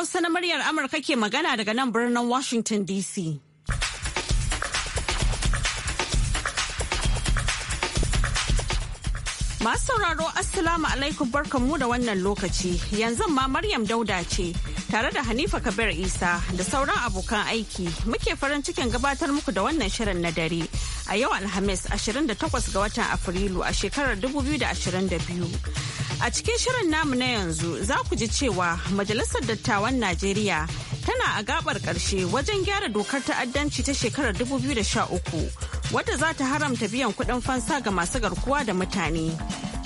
Hausa na muryar Amurka ke magana daga nan birnin Washington DC. Masu sauraro Assalamu alaikum barkanmu da wannan lokaci yanzu ma Maryam Dauda ce tare da Hanifa Kabir Isa da sauran abokan aiki muke farin cikin gabatar muku da wannan shirin na dare a yau Alhamis 28 ga watan Afrilu a shekarar 2022. A cikin shirin namu na yanzu za ku ji cewa Majalisar Dattawan Najeriya tana a gabar ƙarshe wajen gyara dokar ta'addanci ta shekarar 2013 wadda za ta haramta biyan kuɗin fansa ga masu garkuwa da mutane.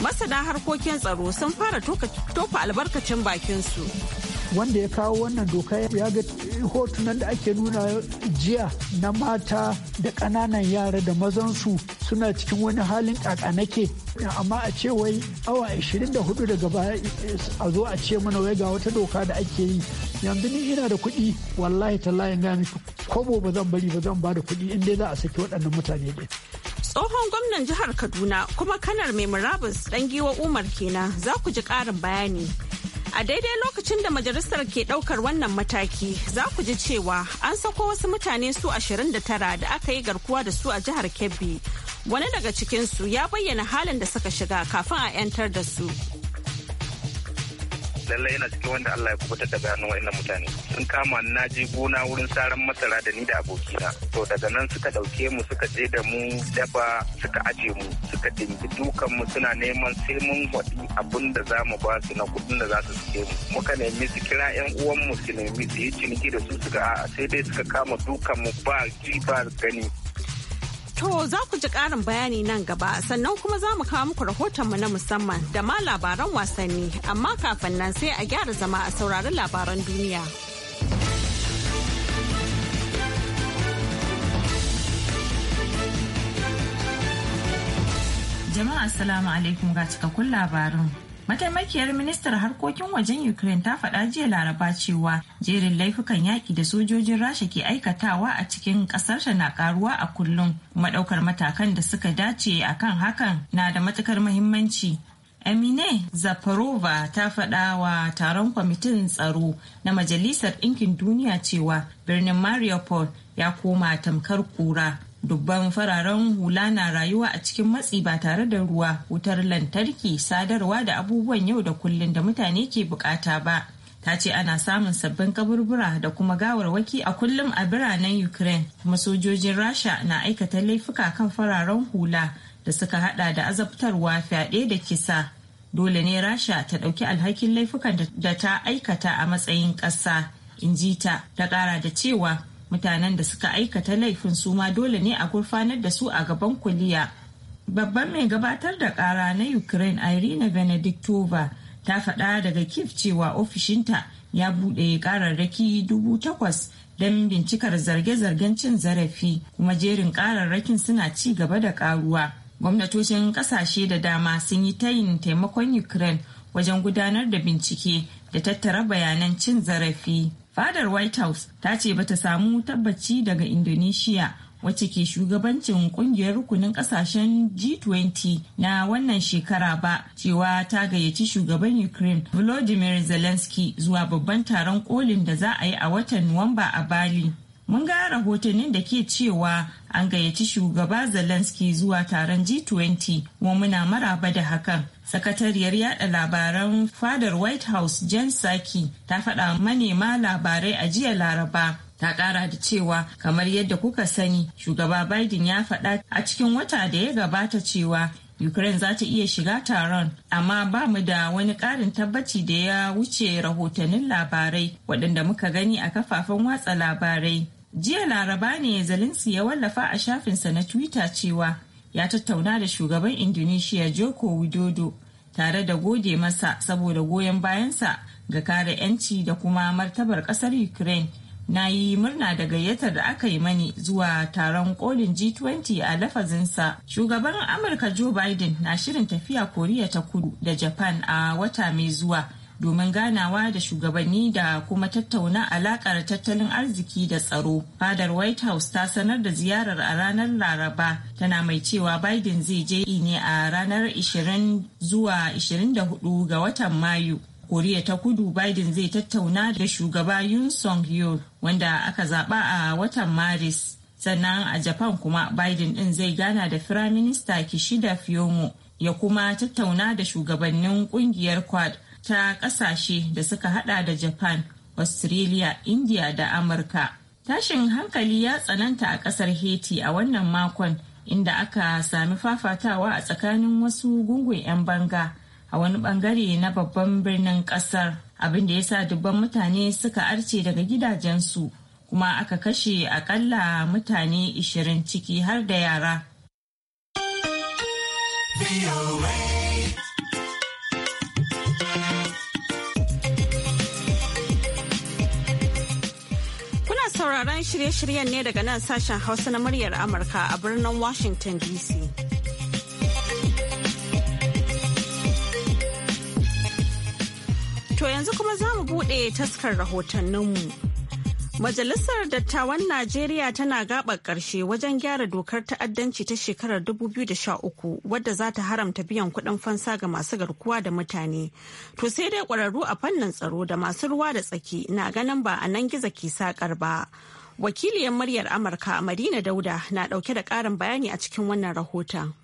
Masana harkokin tsaro sun fara tofa albarkacin bakinsu. wanda ya kawo wannan doka ya ga hotunan da ake nuna jiya na mata da kananan yara da mazansu suna cikin wani halin kakanake amma a ce wai awa 24 daga baya a zo a ce mana wai ga wata doka da ake yi yanzu ni ina da kuɗi wallahi tallahi ga miki kobo ba zan bari ba zan ba da kuɗi in dai za a saki waɗannan mutane ɗin tsohon gwamnan jihar kaduna kuma kanar mai murabus ɗan giwa umar kenan za ku ji ƙarin bayani A daidai lokacin da majalisar ke daukar wannan mataki za ku ji cewa an sako wasu mutane su 29 da aka yi garkuwa da su a jihar Kebbi. Wani daga cikinsu ya bayyana halin da suka shiga kafin a 'yantar da su. lallai yana cikin wanda Allah ya kubutar daga hannun wa'in mutane sun kama na je gona wurin saran masara da ni da abokina to daga nan suka ɗauke mu suka je da mu daba suka aje mu suka dinki dukan mu suna neman sai mun waɗi abin da za mu ba su na kuɗin da za su suke mu muka nemi su kira yan uwan mu su nemi su yi ciniki da su suka a'a sai dai suka kama dukan mu ba ji ba gani To za ku ji ƙarin bayani nan gaba sannan kuma za mu kawo muku rahotonmu na musamman da ma labaran wasanni amma kafin nan sai a gyara zama a saurari labaran duniya. Jama'a Assalamu alaikum ga cikakkun labarin. Mataimakiyar ministar harkokin wajen Ukraine ta faɗa jiya laraba cewa jerin laifukan yaƙi da sojojin Rasha ke aikatawa a cikin ƙasarta na ƙaruwa a kullum kuma ɗaukar matakan da suka dace a kan hakan na da matukar muhimmanci. Amine Zafarova ta faɗa wa taron kwamitin tsaro na Majalisar Ɗinkin Duniya cewa birnin Mariupol ya koma tamkar kura dubban fararen hula na rayuwa a cikin matsi ba tare da ruwa wutar lantarki sadarwa da abubuwan yau da kullum da mutane ke bukata ba ta ce ana samun sabbin kaburbura da kuma gawarwaki a kullum a biranen ukraine kuma sojojin rasha na aikata laifuka kan fararen hula da suka hada da azabtarwa fyaɗe da kisa dole ne rasha ta ɗauki alhakin laifukan da ta aikata a matsayin ƙasa in ji ta ta ƙara da cewa mutanen da suka aikata laifin su ma dole ne a gurfanar da su a gaban kuliya babban mai gabatar da kara na ukraine irina benediktova ta faɗa daga kif cewa ofishinta ya buɗe ƙararraki dubu takwas don bincikar zarge-zargen cin zarafi kuma jerin ƙararrakin suna ci gaba da ƙaruwa gwamnatocin ƙasashe da dama sun yi tayin taimakon ukraine wajen gudanar da bincike da tattara bayanan cin zarafi fadar white house ta ce bata samu tabbaci daga indonesia wacce ke shugabancin kungiyar rukunin kasashen G20 na wannan shekara ba cewa ta gayyaci shugaban Ukraine Volodymyr Zelensky zuwa babban taron kolin da za a yi a watan Nuwamba a Bali. mun ga rahotannin da ke cewa an gayyaci shugaba zelensky zuwa taron g20 wa muna maraba da hakan sakatariyar yada labaran fadar white house jen saki ta faɗa manema labarai a jiya laraba ta ƙara da cewa kamar yadda kuka sani shugaba biden ya faɗa a cikin wata da ya gabata cewa ukraine za ta iya shiga taron amma ba mu da wani ƙarin tabbaci da ya wuce rahotannin labarai waɗanda muka gani a kafafen watsa labarai jiya laraba ne zelensky ya wallafa a shafinsa na twitter cewa ya tattauna da shugaban indonesia joko widodo tare da gode masa saboda goyon bayansa ga kare 'yanci da kuma martabar kasar ukraine na yi murna da gayyatar da aka yi mani zuwa taron kolin g20 a lafazinsa shugaban amurka joe biden na shirin tafiya koriya ta kudu da japan a wata mai zuwa domin ganawa da shugabanni da kuma tattauna alakar tattalin arziki da tsaro. Fadar White House ta sanar da ziyarar a ranar Laraba tana mai cewa Biden zai je ne a ranar 20 zuwa 24 ga watan Mayu. Koriya ta kudu Biden zai tattauna da shugaba Yun Song Yeol wanda aka zaba a watan Maris. Sannan a Japan kuma Biden din zai gana da Firaminista Kishida Fiyomo ya kuma tattauna da shugabannin kungiyar Quad ta kasashe da suka hada da japan australia india da amurka tashin hankali ya tsananta a kasar haiti a wannan makon inda aka sami fafatawa a tsakanin wasu gungun 'yan banga a wani bangare na babban birnin kasar abin da ya sa dubban mutane suka arce daga gidajensu kuma aka kashe akalla mutane 20 ciki har da yara. sauraron shirye-shiryen ne daga nan sashen Hausa na muryar Amurka a birnin Washington DC. To yanzu kuma za mu buɗe taskar rahotanninmu. Majalisar Dattawan Najeriya tana gaɓar ƙarshe wajen gyara dokar ta'addanci ta shekarar 2013 wadda za ta haramta biyan kuɗin fansa ga masu garkuwa da mutane. To sai dai ƙwararru a fannin tsaro da masu ruwa da tsaki na ganin ba a nan gizo ke saƙar ba. Wakiliyar muryar Amurka Madina Dauda na ɗauke da ƙarin bayani a cikin wannan rahoton.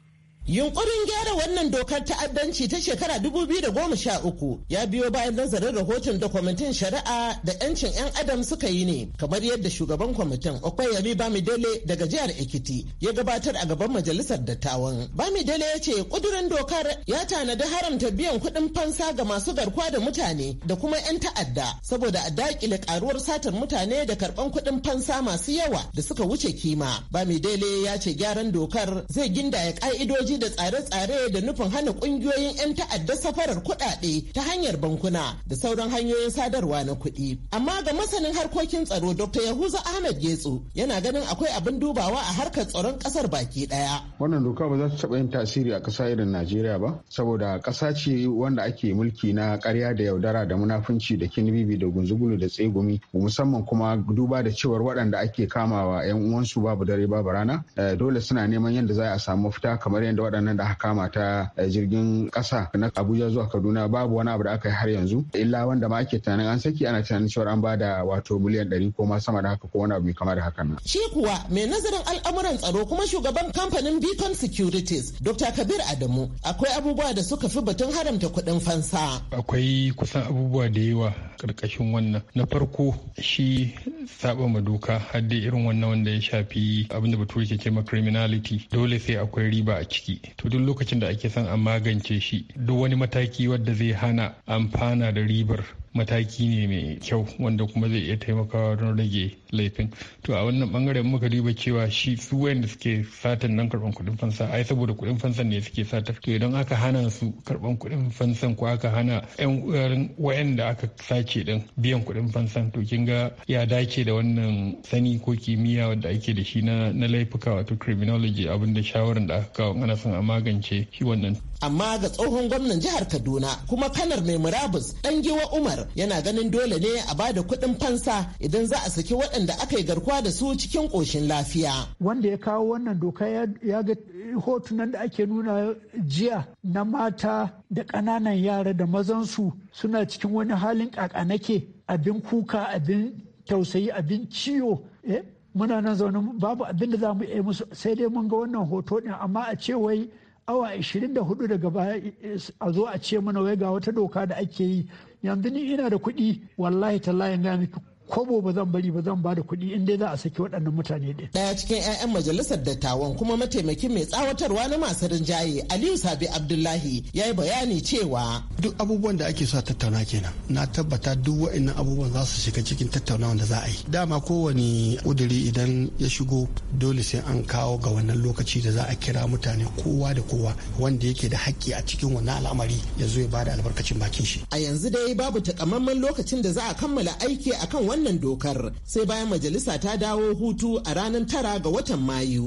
Yunkurin gyara wannan dokar ta'addanci ta shekara 2013 ya biyo bayan nazarin rahoton da kwamitin shari'a da 'yancin 'yan adam suka yi ne kamar yadda shugaban kwamitin Okoyemi Bamidele daga jihar Ekiti ya gabatar a gaban majalisar dattawan. Bamidele ya ce kudurin dokar ya tanadi haramta biyan kuɗin fansa ga masu garkuwa da mutane da kuma 'yan ta'adda saboda a dakile karuwar satar mutane da karɓan kuɗin fansa masu yawa da suka wuce kima. Bamidele ya ce gyaran dokar zai gindaya ƙa'idoji da tsare-tsare da nufin hana kungiyoyin 'yan ta'adda safarar kuɗaɗe ta hanyar bankuna da sauran hanyoyin sadarwa na kuɗi. Amma ga masanin harkokin tsaro Dr. Yahuza Ahmed yetsu yana ganin akwai abin dubawa a harkar tsaron ƙasar baki ɗaya. Wannan doka ba za ta taɓa yin tasiri a ƙasa irin Najeriya ba, saboda ƙasa ce wanda ake mulki na ƙarya da yaudara da munafunci da kinibibi da gunzugulu da tsegumi musamman kuma duba da cewar waɗanda ake kamawa 'yan uwansu babu dare babu rana eh, dole suna neman yadda za a samu mafita kamar yadda waɗannan da aka kama ta eh, jirgin ƙasa na Abuja zuwa Kaduna babu wani abu da aka yi har yanzu illa wanda ma ake tunanin an saki ana tunanin cewa an bada wato miliyan ɗari ko ma sama da haka ko wani abu mai kama da haka nan. Shi kuwa mai nazarin al'amuran tsaro kuma shugaban kamfanin Beacon Securities Dr. Kabir Adamu akwai abubuwa da suka fi batun haramta kuɗin fansa. Akwai kusan abubuwa da yawa ƙarƙashin wannan. Na farko shi saba ma doka har dai irin wannan wanda ya shafi abinda bature ke cewa criminality dole sai akwai riba a ciki. ciki to duk lokacin da ake son a magance shi duk wani mataki wadda zai hana amfana da ribar mataki ne mai kyau wanda kuma zai iya taimakawa don rage laifin to a wannan bangaren muka duba cewa shi su wayanda suke satan nan karban kudin fansa ai saboda kudin fansan ne suke sata to idan aka hana su karban kudin fansan ko aka hana yan wayanda aka sace din biyan kudin fansan to kin ga ya dace da wannan sani ko kimiyya wanda ake da shi na na laifuka wato criminology abin da shawaran da aka kawo ana son a magance shi wannan amma ga tsohon gwamnan jihar Kaduna kuma kanar mai murabus dan giwa Umar yana ganin dole ne a ba da kuɗin fansa idan za a saki waɗanda aka yi garkuwa da su cikin ƙoshin lafiya. Wanda ya kawo wannan doka ya ga hotunan da ake nuna jiya na mata da ƙananan yara da mazansu suna cikin wani halin ƙaƙanake abin kuka abin tausayi abin ciwo. Eh, muna nan zaune babu abin da za mu iya musu sai dai mun ga wannan hoto ɗin amma a ce wai awa 24 daga baya eh, a zo a ce mana wai ga wata doka da ake yi yanzu ni ina da kuɗi wallahi tallahi na miki kobo ba zan bari ba zan ba da kuɗi in dai za a saki waɗannan mutane ɗin. Daya cikin 'ya'yan majalisar dattawan kuma mataimakin mai tsawatarwa na masu rinjaye Aliyu Sabi Abdullahi ya yi bayani cewa. Duk abubuwan da ake sa tattauna kenan na tabbata duk wa'annan abubuwan za su shiga cikin tattaunawa da za a yi. Dama kowane ƙuduri idan ya shigo dole sai an kawo ga wannan lokaci da za a kira mutane kowa da kowa wanda yake da haƙƙi a cikin wannan al'amari ya zo ya bada albarkacin bakin shi. A yanzu dai babu takamaiman lokacin da za a kammala aiki akan wani wannan dokar sai bayan majalisa ta dawo hutu a ranar tara ga watan Mayu.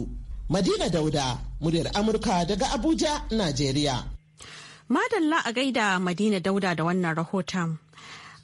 Madina Dauda, muryar Amurka daga Abuja, Najeriya. Madalla a gaida Madina Dauda da wannan rahoton.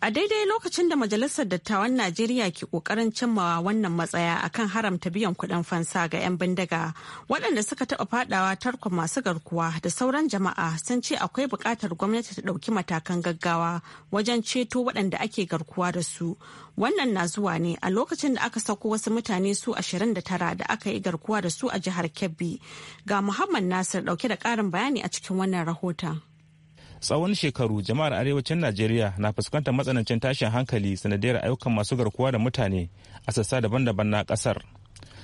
A daidai lokacin da Majalisar Dattawan Najeriya ke ƙoƙarin cimmawa wannan matsaya a kan haramta biyan kuɗin fansa ga 'yan bindiga waɗanda suka taɓa fadawa tarkon masu garkuwa da sauran jama'a sun ce akwai buƙatar gwamnati ta ɗauki matakan gaggawa wajen ceto waɗanda ake garkuwa da su. Wannan na zuwa ne a lokacin da aka sauko wasu mutane su ashirin da tara da aka yi garkuwa da su a jihar Kebbi. Ga Muhammad Nasir ɗauke da ƙarin bayani a cikin wannan rahoton. tsawon shekaru jama'ar arewacin najeriya na fuskantar matsanancin tashin hankali sanadiyar ayyukan masu garkuwa da mutane a sassa daban-daban na kasar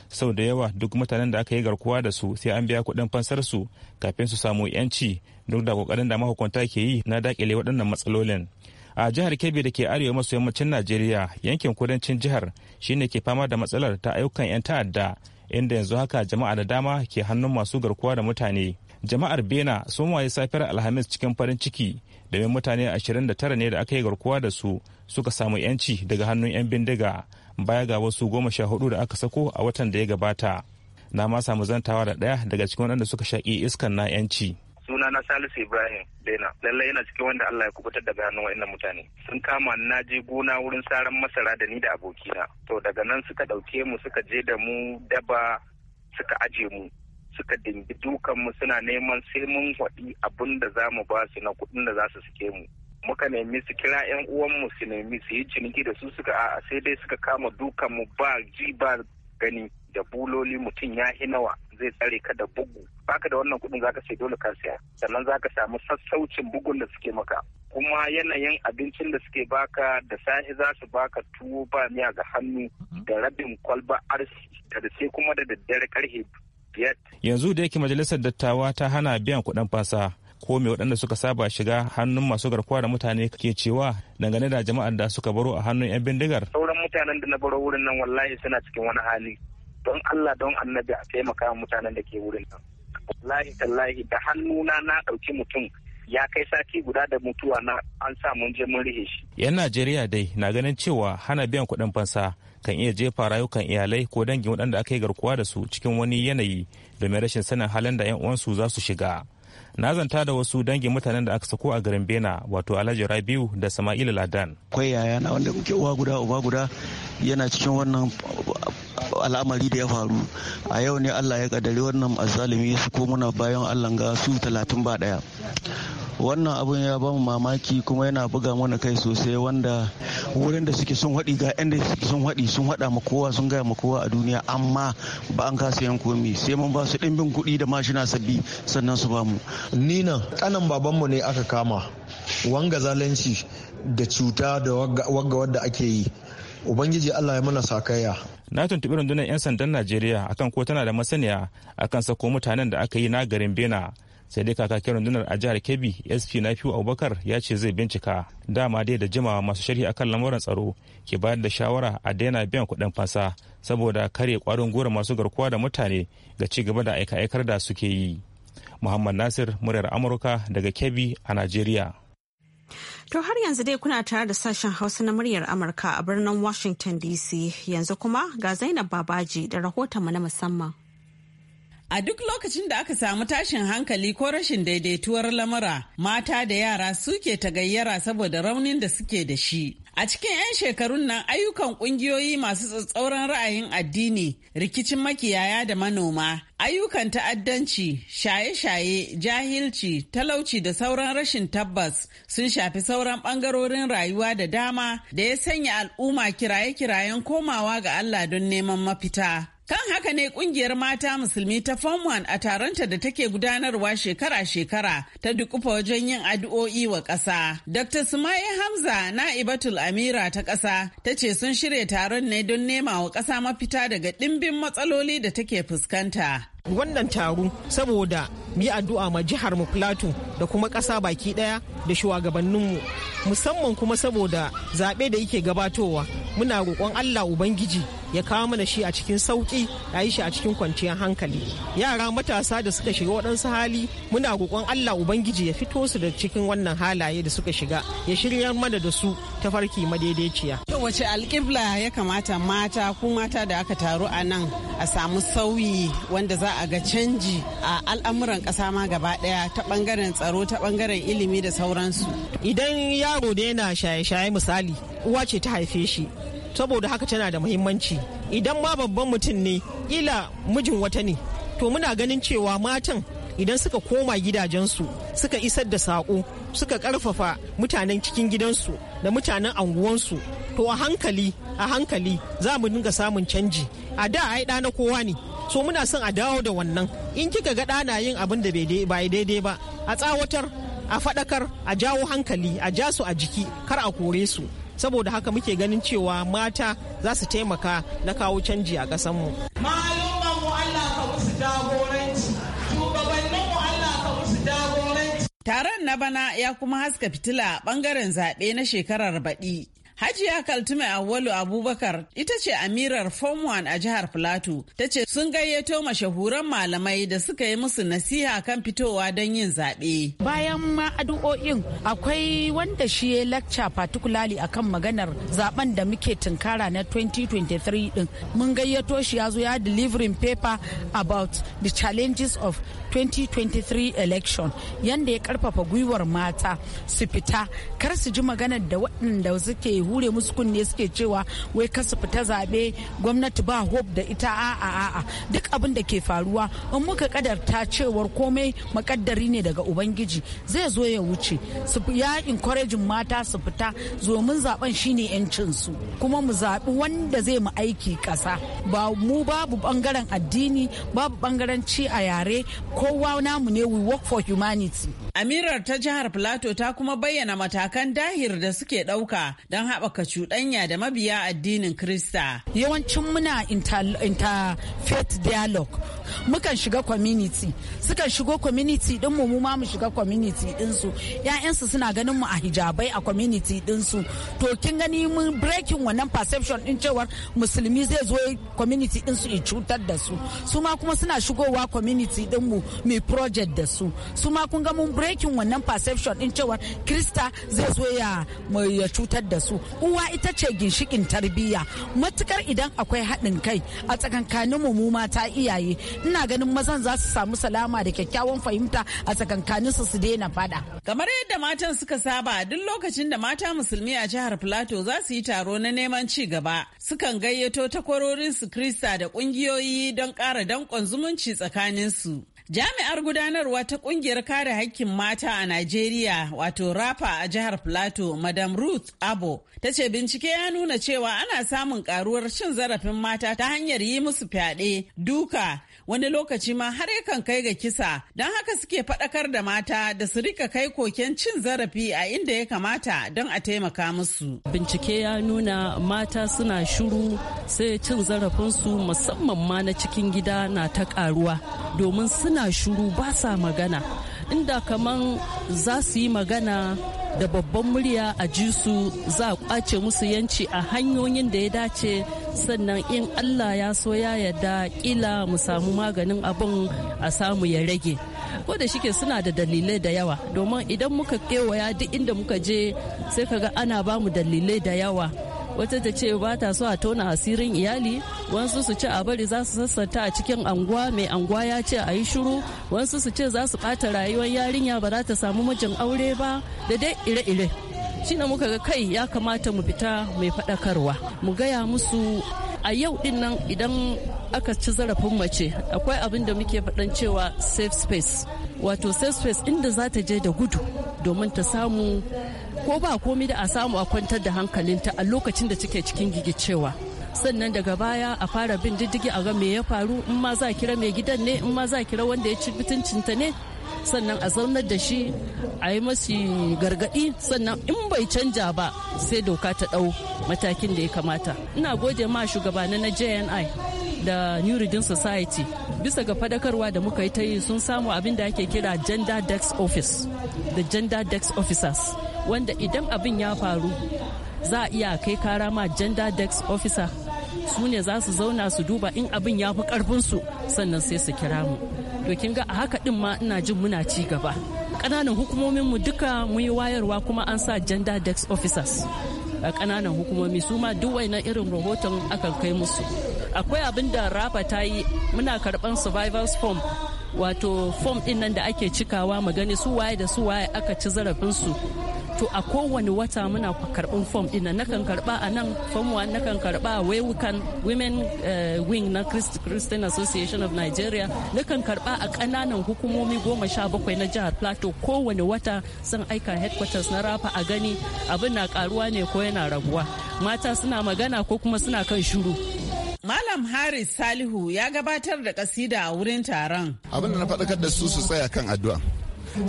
sau da yawa duk mutanen da aka yi garkuwa da su sai an biya kuɗin fansar su kafin su samu yanci duk da kokarin da mahukunta ke yi na dakile waɗannan matsalolin a jihar kebbi da ke arewa maso yammacin najeriya yankin kudancin jihar shine ke fama da matsalar ta ayyukan 'yan ta'adda inda yanzu haka jama'a da dama ke hannun masu garkuwa da mutane jama'ar bena sun waye safiyar alhamis cikin farin ciki domin mutane 29 ne da aka yi garkuwa da su suka samu 'yanci daga hannun 'yan bindiga baya ga wasu goma sha hudu da aka sako a watan da ya gabata na ma samu zantawa da daya daga cikin waɗanda suka shaƙi iskan na 'yanci suna na salisu ibrahim dena lallai yana cikin wanda allah ya kubutar daga hannun wa'annan mutane sun kama na je gona wurin saran masara da ni da abokina to daga nan suka ɗauke mu suka je da mu daba suka ajiye mu suka dingi dukanmu suna neman sai mun faɗi abin da za mu ba su na kuɗin da za su suke mu muka nemi su kira yan uwanmu su nemi su yi ciniki da su suka a'a sai dai suka kama dukanmu ba ji ba gani da buloli mutum ya nawa zai tsare ka da bugu baka da wannan kuɗin zaka sai dole ka siya sannan zaka samu sassaucin bugun da suke maka kuma yanayin abincin da suke baka da sahi za su baka tuwo ba miya ga hannu da rabin kwalba arsi da sai kuma da daddare karhe biyar. Yanzu da yake majalisar dattawa ta hana biyan kuɗin fasa ko me waɗanda suka saba shiga hannun masu garkuwa da mutane ke cewa dangane da jama'ar da suka baro a hannun 'yan bindigar. Sauran mutanen da na baro wurin nan wallahi suna cikin wani hali. Don Allah don annabi a taimaka mutanen da ke wurin nan. Wallahi tallahi da hannuna na ɗauki mutum ya kai sati guda da mutuwa na an sa mun je mun rihe shi. 'Yan Najeriya dai na ganin cewa hana biyan kuɗin fansa kan iya jefa rayukan iyalai ko dangin waɗanda aka yi garkuwa da su cikin wani yanayi domin rashin sanin halin da 'yan uwansu za su shiga. na zanta da wasu dangin mutanen da aka sako a garin bena wato alhaji rabiu da sama'ila ladan akwai yaya na wanda muke uwa guda uba guda yana cikin wannan al'amari da ya faru a yau ne allah ya kadari wannan azalimi su ko muna bayan allah ga su talatin ba daya wannan abun ya ba mu mamaki kuma yana buga mana kai sosai wanda wurin da suke sun haɗi ga yan da suke sun haɗi sun haɗa ma kowa sun gaya ma kowa a duniya amma ba an kasa yan komi sai mun ba su ɗimbin kuɗi da mashina sabbi sannan su ba mu. nina ƙanan babanmu ne aka kama wanga zalunci da cuta da wagga wadda ake yi ubangiji allah ya mana sakaya na tuntuɓi rundunar 'yan sandan najeriya akan ko tana da masaniya akan sako mutanen da aka yi na garin bena sai dai kakakin rundunar a jihar kebbi sp nafiu abubakar ya ce zai bincika dama dai da jimawa masu sharhi akan lamuran tsaro ke bayar da shawara a daina biyan kuɗin fansa saboda kare kwarin gora masu garkuwa da mutane ga ci gaba da aika-aikar da suke yi muhammad nasir muryar amurka daga kebbi a nigeria. To har yanzu dai kuna tare da sashen Hausa na muryar Amurka a birnin Washington DC yanzu kuma ga Zainab Babaji da rahoton rahotonmu na musamman. A duk lokacin da aka samu tashin hankali ko rashin daidaituwar lamura, mata da yara suke ta gayyara saboda raunin da suke da shi. A cikin 'yan shekarun nan ayyukan ƙungiyoyi masu tsatsauran ra'ayin addini, rikicin makiyaya da manoma, ayyukan ta'addanci, shaye-shaye, jahilci, talauci da sauran rashin tabbas sun shafi sauran ɓangarorin rayuwa da dama da ya sanya al'umma kiraye-kirayen komawa ga Allah don neman mafita. Kan haka ne kungiyar mata musulmi ta Form 1 a taronta da take gudanarwa shekara-shekara ta dukufa wajen yin addu'o'i wa ƙasa. Dr. Sumaye Hamza Ibatul Amira ta ƙasa ta ce sun shirya taron ne don nema wa ƙasa mafita daga ɗimbin matsaloli da take fuskanta. wannan taro saboda yi addu'a ma jihar mu plateau da kuma ƙasa baki ɗaya da shugabanninmu musamman kuma saboda zaɓe da yake gabatowa muna roƙon allah ubangiji ya kawo mana shi a cikin sauki a yi shi a cikin kwanciyar hankali yara matasa da suka shiga waɗansu hali muna roƙon allah ubangiji ya fito su da cikin wannan halaye da suka shiga ya shirya mana da su tafarki farki madaidaiciya to wace alƙibla ya kamata mata ko mata da aka taru a nan a samu sauyi wanda za a ga canji a al'amuran ƙasa ma gaba ɗaya ta ɓangaren tsaro ta ɓangaren ilimi da sauransu idan yaro da yana shaye-shaye misali uwa ce ta haife shi saboda haka tana da muhimmanci idan ma babban mutum ne ila mijin wata ne to muna ganin cewa matan idan suka koma gidajensu suka isar da saƙo suka ƙarfafa mutanen cikin gidansu da mutanen anguwansu to a hankali a hankali za mu dinga samun canji a da ai ɗa na kowa ne so muna son a dawo da wannan in kika ga ɗa na yin abin da bai daidai ba a tsawatar a faɗakar a jawo hankali a ja su a jiki kar a kore su saboda haka muke ganin cewa mata za su taimaka na kawo canji a ƙasanmu. mu Taron na bana ya kuma haska fitila bangaren zaɓe na shekarar baɗi. Hajiya Kaltume Awwalu Abubakar ita ce amirar Form 1 a jihar Filato. Ta ce sun gayyato mashahuran malamai da suka yi musu nasiha kan fitowa don yin zaɓe. Bayan ma akwai wanda shi ya lacca particularly akan maganar zaben da muke tunkara na 2023 din. Mun gayyato shi ya zo ya delivering paper about the challenges of 2023 election yanda ya karfafa gwiwar mata su fita kar su ji magana da waɗanda suke hure musu kunne suke cewa wai ka su fita zaɓe gwamnati ba hope da ita a'a a'a duk abin da ke faruwa in muka kadarta cewar komai makaddari ne daga ubangiji zai zo ya wuce ya encourage mata su fita mun zaɓen shine yancin su kuma mu zaɓi wanda zai mu aiki ƙasa ba mu babu ɓangaren addini babu bangaren ci a yare kowa namu ne we work for humanity amirar ta jihar plateau ta kuma bayyana matakan dahir da suke ɗauka don haɓaka cuɗanya da mabiya addinin krista yawancin muna interfaith inter dialogue mukan shiga community sukan shigo community din mu mu ma mu shiga community din su ƴaƴansu suna ganin mu a hijabai a community din su to kin gani mun breaking wannan perception din cewar musulmi zai zo community din su cutar da su su ma kuma suna shigowa community din mu mai project da su su ma kun ga mun breaking wannan perception din cewar krista zai zo ya ya cutar da su uwa ita ce ginshikin tarbiyya matukar idan akwai haɗin kai a tsakankanin mu mu mata iyaye ina ganin mazan za su samu salama da kyakkyawan fahimta a tsakankanin su su daina fada kamar yadda matan suka saba duk lokacin da mata musulmi a jihar plateau za su yi taro na neman ci gaba sukan gayyato takwarorin su krista da kungiyoyi don ƙara danƙon zumunci tsakanin su Jami'ar gudanarwa ta kungiyar kare haƙƙin mata a Najeriya wato Rafa a jihar Plateau, Madam Ruth Abo, ta ce bincike ya nuna cewa ana samun karuwar cin zarafin mata ta hanyar yi musu fyaɗe, duka wani lokaci ma har yakan kai ga kisa don haka suke fadakar da mata da su rika kai koken cin zarafi a inda ya kamata don a taimaka musu. Bincike ya nuna mata suna shuru sai cin zarafinsu musamman ma na cikin gida na ta ƙaruwa domin suna shuru ba sa magana. inda kaman za su yi magana da babban murya a ji su za a kwace musu yanci a hanyoyin da ya dace sannan in allah ya so ya yarda kila mu samu maganin abin a samu ya rage ko da shike suna da dalilai da yawa domin idan muka kewaya duk inda muka je sai kaga ana ba mu dalilai da yawa wata ta ce ba ta so a tona asirin iyali wasu su ce a bari za su sassanta a cikin anguwa mai anguwa ya ce a yi shuru wasu su ce za su bata rayuwar yarinya ba za ta samu mijin aure ba da dai ire-ire shi muka ga kai ya kamata mu fita mai faɗakarwa mu gaya musu a yau din nan idan aka ci zarafin mace akwai abin da muke faɗan cewa safe space wato safe space inda za ta je da gudu domin ta samu ko ba komi da a samu a kwantar da hankalinta a lokacin da take cikin gigicewa sannan daga baya a fara bin diddigi a ga me ya faru in ma za kira mai gidan ne in ma za kira wanda ya ci mutuncinta ne sannan a zaunar da shi a yi masu gargaɗi sannan in bai canja ba sai doka ta ɗau matakin da ya kamata ina gode ma shugabana na jni da new region society bisa ga fadakarwa da muka yi ta yi sun samu abin da ake kira gender desk office da gender desk officers wanda idan abin ya faru za a iya kai kara ma gender dex officer su ne za su zauna su duba in abin ya fi karfinsu sannan sai su kira mu to kin ga a haka din ma ina jin muna ci gaba ƙananan hukumomin mu duka mu yi wayarwa kuma an sa gender dex officers a ƙananan hukumomi su ma duk wainan irin rahoton akan kai musu akwai abin da rafa ta yi muna karɓan survivors form wato form din nan da ake cikawa magani su waye da su waye aka ci zarafinsu to a kowane wata muna karɓin fom ina na kan karɓa a nan fom one na kan karɓa a wewukan women eh, wing na christian association of nigeria na kan karɓa a ƙananan hukumomi goma sha bakwai na jihar plateau kowane wata sun aika headquarters na rafa a gani abin na karuwa ne ko yana raguwa mata suna magana ko kuma suna kan shuru Malam Haris Salihu ya gabatar da kasida a wurin taron. Abin da na faɗakar da su su tsaya kan addu'a.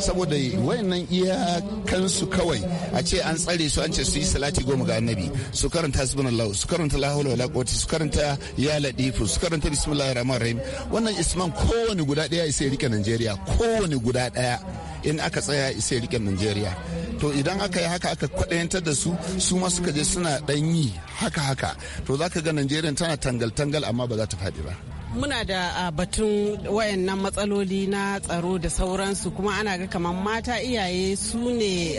saboda wayannan iyakansu kawai a ce an tsare su an ce su yi salati goma ga annabi su karanta Allah su karanta la hawla wala quwwata su karanta ya ladifu su karanta bismillahir rahmanir rahim wannan isman kowane guda daya sai rike Najeriya kowane guda daya in aka tsaya sai rike Najeriya to idan aka yi haka aka kwadayantar da su su ma suka je suna ɗan yi haka haka to zaka ga Najeriya tana tangal tangal amma ba za ta faɗi ba muna da batun wayannan matsaloli na tsaro da sauransu kuma ana ga kamar mata iyaye su ne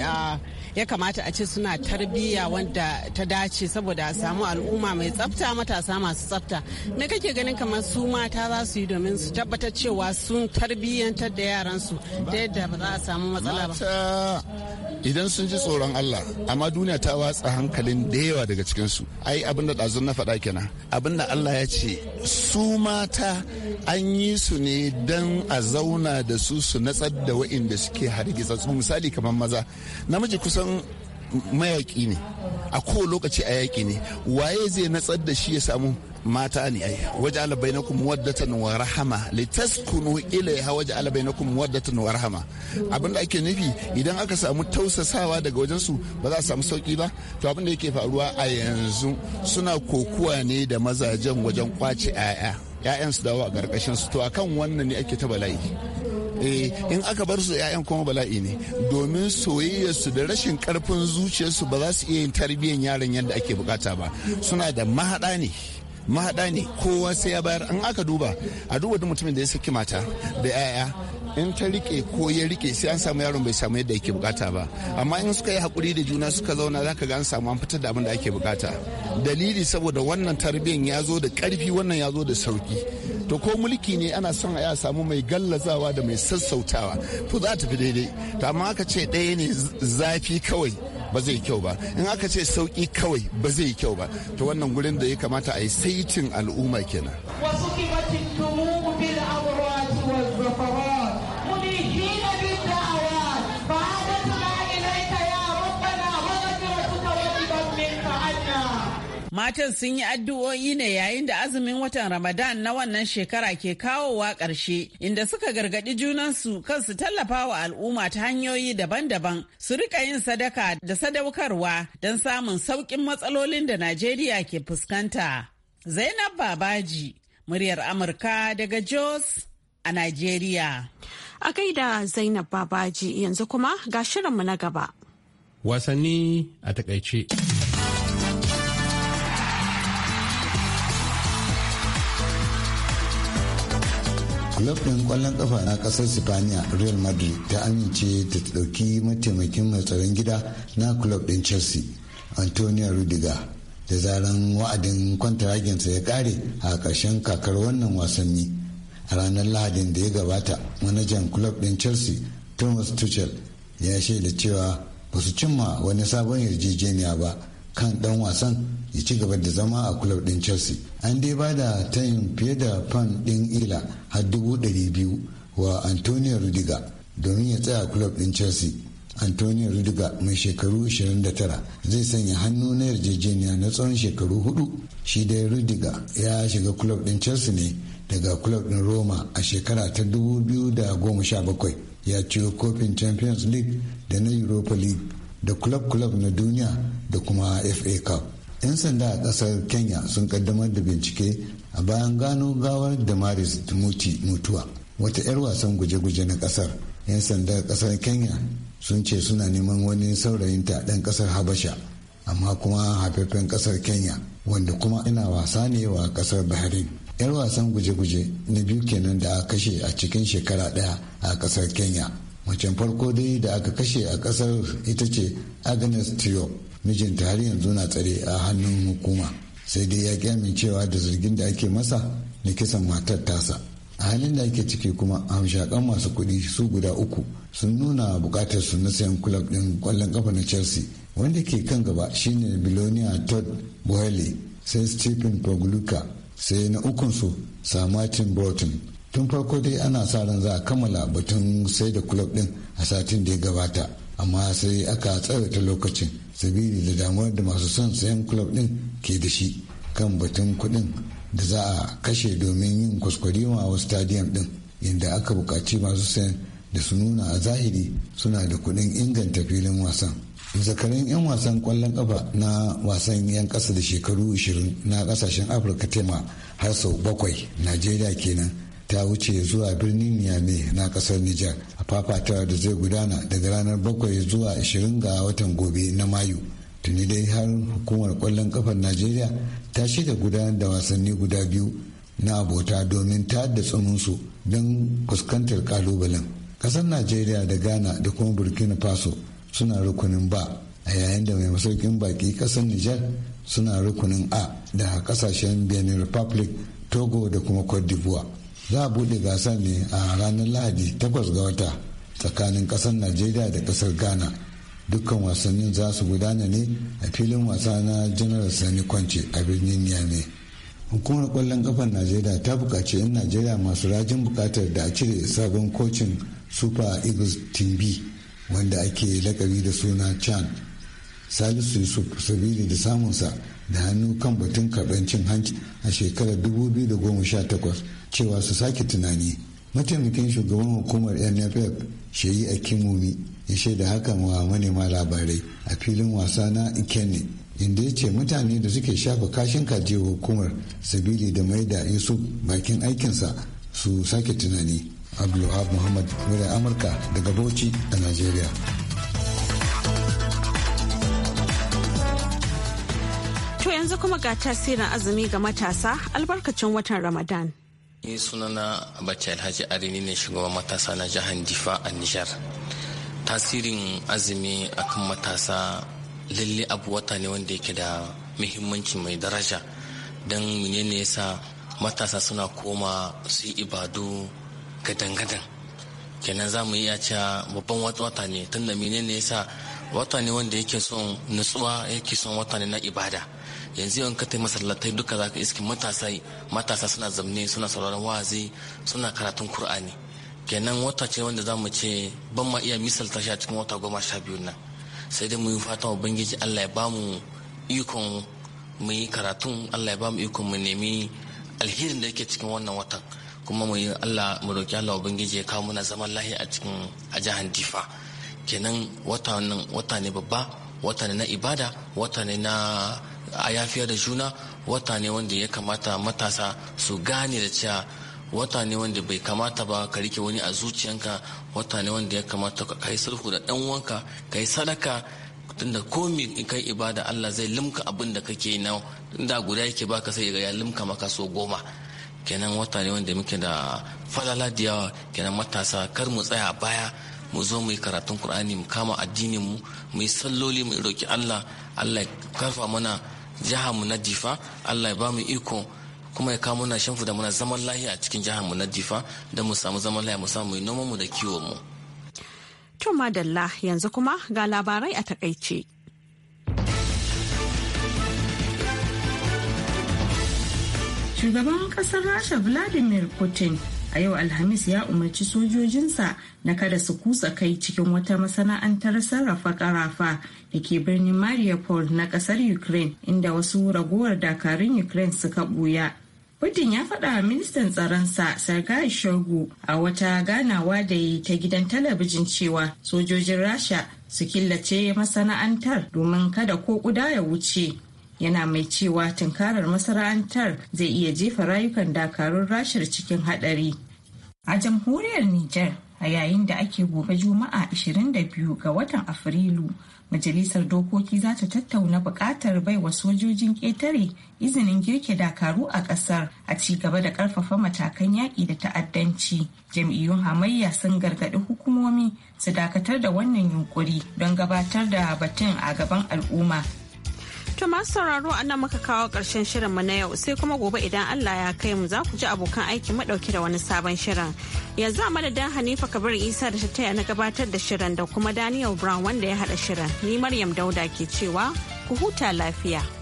ya kamata a ce suna tarbiyya wanda ta dace saboda a samu al'umma mai tsafta matasa masu tsafta me kake ganin kamar su mata za su yi domin su tabbatar cewa sun tarbiyyantar da yaran su da yadda ba za a samu matsala ba idan sun ji tsoron Allah amma duniya ta watsa hankalin da yawa daga cikin su ai abin da ɗazun na faɗa kenan abin da Allah ya ce su mata an yi su ne don a zauna da su su natsar da wa'inda suke su misali kamar maza namiji kusan san mayaƙi ne a kowane lokaci a yaƙi ne waye zai natsar da shi ya samu mata ne ai waje alabai na kuma waddatan wa rahama litaskunu ilaiha waje alabai na kuma waddatan wa rahama abin ake nufi idan aka samu tausasawa daga wajen su ba za a samu sauki ba to abinda yake faruwa a yanzu suna kokuwa ne da mazajen wajen kwace 'ya'ya 'ya'yan su dawo a ƙarƙashin su to akan wannan ne ake ta bala'i Eh, in aka bar su ƴaƴan kuma bala'i ne domin soyayyarsu da rashin karfin zuciyarsu ba za su iya yin tarbiyyar yaron yadda ake bukata ba suna da mahaɗa ne mahaɗa ne kowa sai ya bayar an aka duba a duba duk mutumin da ya saki mata da 'ya'ya in ta rike ko ya rike sai an samu yaron bai samu yadda yake bukata ba amma in suka yi hakuri da juna suka zauna zaka ga an samu an fitar da abin da ake bukata dalili saboda wannan tarbiyyar ya zo da karfi wannan ya zo da sauki to ko mulki ne ana son a samu mai gallazawa da mai sassautawa to za tafi daidai to amma aka ce ɗaya ne zafi kawai ba zai kyau ba in aka ce sauki kawai ba zai kyau ba to wannan gurin da ya kamata a yi saitin al'umma kenan Matan sun yi addu'o'i ne yayin da azumin watan Ramadan na wannan shekara ke kawowa ƙarshe, inda suka gargaɗi junansu kan su tallafa wa al'umma ta hanyoyi daban-daban, su rika yin sadaka da sadaukarwa don samun sauƙin matsalolin da Najeriya ke fuskanta. Zainab Babaji, muryar Amurka daga Jos a Najeriya. A gaida Zainab Babaji yanzu kuma ga shirinmu na gaba. Wasanni a takaice. club ɗin ƙwallon ƙafa na ƙasar Spaniya Real Madrid ta amince ta ɗauki mataimakin mai tsaron gida na club ɗin Chelsea Antonio Rudiger da zaran wa'adin kwantaraginsa ya ƙare a ƙarshen kakar wannan wasanni. A ranar Lahadin da ya gabata, manajan club ɗin Chelsea Thomas Tuchel ya shaida cewa ba su cimma wani sabon yarjejeniya ba. kan dan wasan ya ci gaba da zama a kulob din chelsea an dai ba da tayin fiye da fan din ila har dubu ɗari biyu wa antonio rudiga domin ya tsaya kulob din chelsea antonio rudiga mai shekaru 29 zai sanya hannu na yarjejeniya na tsawon shekaru hudu shi dai rudiga ya shiga kulob din chelsea ne daga kulob din roma a shekara ta 2017 ya ciyo kofin champions league da na europa league da club-club na duniya da kuma fa cup 'yan sanda a kasar kenya sun kaddamar da bincike a bayan gano gawar da maris timoti mutuwa wata 'yar wasan guje-guje na kasar 'yan sanda a kasar kenya sun ce suna neman wani saurayinta ɗan kasar habasha amma kuma haifafen kasar kenya wanda kuma ina wasa ne wa kasar bahrain 'yar wasan guje-guje na biyu kenan da a kashe a cikin shekara ɗaya a kasar kenya macen farko dai da aka kashe a kasar ita ce agnes tio mijinta har yanzu na tsare a hannun hukuma sai dai ya ki amincewa da zargin da ake masa na kisan matar tasa a halin da ake ciki kuma hamshakan masu kuɗi su guda uku sun nuna bukatar su na sayan kulab din kwallon kafa na chelsea wanda ke kan gaba shine bilonia todd boyle sai stephen pogluka sai na ukunsu sir martin tun farko dai ana sa ran za a kammala batun sai da kulob din a satin da ya gabata amma sai aka ta lokacin sabili da damuwar da masu son sayan kulob din ke da shi kan batun kuɗin da za a kashe domin yin ma wa stadium din inda aka bukaci masu sayan da su nuna a zahiri suna da kuɗin inganta filin wasan zakarin 'yan wasan kwallon kafa na wasan 'yan kasa da shekaru 20 na kasashen afirka tema har sau bakwai najeriya kenan ta wuce zuwa birnin niyame na kasar Nijar a fafatawa da zai gudana daga ranar bakwai zuwa 20 ga watan gobe na Mayu. Tuni dai har hukumar kwallon kafar Najeriya ta shirya gudanar da wasanni guda biyu na abota domin ta da tsuninsu don fuskantar kalubalen. Kasar Najeriya da Ghana da kuma Burkina Faso suna rukunin ba a yayin da mai masaukin baki kasar Nijar suna rukunin A da kasashen Benin Republic, Togo da kuma Cote d'Ivoire. za a buɗe gasar ne a ranar lahadi takwas ga wata tsakanin ƙasar najeriya da ƙasar ghana dukkan wasannin za su gudana ne a filin wasa na general sani kwance a birnin niamey hukumar kwallon kafar najeriya ta bukaci 'yan najeriya masu rajin bukatar da a cire sabon kocin super eagles timbi wanda ake lakabi da suna chan salisu yusuf sabili da samunsa da hannu kan batun karɓar cin hanci a shekarar 2018 cewa su sake tunani mataimakin shugaban hukumar nff a kimomi ya shaida haka wa manema labarai a filin wasa na ikenne inda ya ce mutane da suke shafa kashin kaji hukumar sabili da mai da yusuf bakin aikinsa su sake tunani abdullahi muhammad muryar amurka daga bauchi a nigeria To yanzu kuma ga tasirin azumi ga matasa albarkacin watan Ramadan. Ni sunana Bacci Alhaji Arini ne shugaban matasa na jihar Difa a Nijar. Tasirin azumi akan matasa lalle abu wata ne wanda yake da muhimmanci mai daraja don menene yasa matasa suna koma su yi ibadu gadan-gadan kenan za mu iya cewa babban wata ne tunda menene yasa wata ne wanda yake son nutsuwa yake son wata ne na ibada yanzu yawan katai masallatai duka za ka iski matasa matasa suna zamne suna sauraron wazi suna karatun kur'ani kenan wata ce wanda za mu ce ban ma iya misalta shi a cikin wata goma sha biyu nan sai dai mu yi fatan ubangiji allah ya bamu ikon mu yi karatun allah ya bamu ikon mu nemi alherin da yake cikin wannan watan kuma mu yi allah mu roki allah ubangiji ya kawo muna zaman lahiya a cikin a jihar difa kenan wata wata ne babba wata ne na ibada wata ne na a yafiya da juna wata ne wanda ya kamata matasa su gane da cewa wata ne wanda bai kamata ba ka rike wani a zuciyanka wata ne wanda ya kamata ka kai sulhu da dan wanka ka yi sadaka tunda komi kai ibada Allah zai limka abin da kake na da guda yake baka sai ya limka maka so goma kenan wata ne wanda muke da falala da yawa kenan matasa kar mu tsaya baya mu zo mu yi karatun Kur'ani mu kama addinin mu mu yi salloli mu roki Allah Allah ya karfa mana jihar mu na difa allah ya ba mu iko kuma ya kawo muna shanfu da muna zaman lahiya a cikin jihar mu na difa don mu samu zaman lahiya mu samu noman mu da kiwon mu to madalla yanzu kuma ga labarai a takaice shugaban kasar rasha vladimir putin a yau alhamis ya umarci sojojinsa na kada su kusa kai cikin wata masana'antar sarrafa karafa da ke birnin mariupol na kasar ukraine inda wasu ragowar dakarun ukraine suka buya Putin ya faɗa ministan tsaronsa Sergei Shoigu a wata ganawa da yi ta gidan talabijin cewa sojojin Rasha su killace masana'antar domin kada ko ƙuda ya wuce. yana mai cewa tunkarar masana'antar zai iya jefa rayukan dakarun rashar cikin hadari a jamhuriyar niger a yayin da ake gobe juma'a 22 ga watan afrilu majalisar dokoki za ta tattauna buƙatar baiwa sojojin ƙetare izinin girke dakaru a ƙasar a ci gaba da ƙarfafa matakan yaƙi da ta'addanci jam'iyyun hamayya sun gargaɗi hukumomi su dakatar da wannan yunƙuri don gabatar da batun a gaban al'umma To masu sauraro a nan muka kawo ƙarshen mu na yau sai kuma gobe idan Allah ya kai mu za ku ji abokan aiki madauke da wani sabon shirin. Yanzu a madadin Hanifa Kabir Isa da ta taya na gabatar da shirin da kuma Daniel Brown wanda ya haɗa shirin. Ni Maryam Dauda ke cewa ku huta lafiya.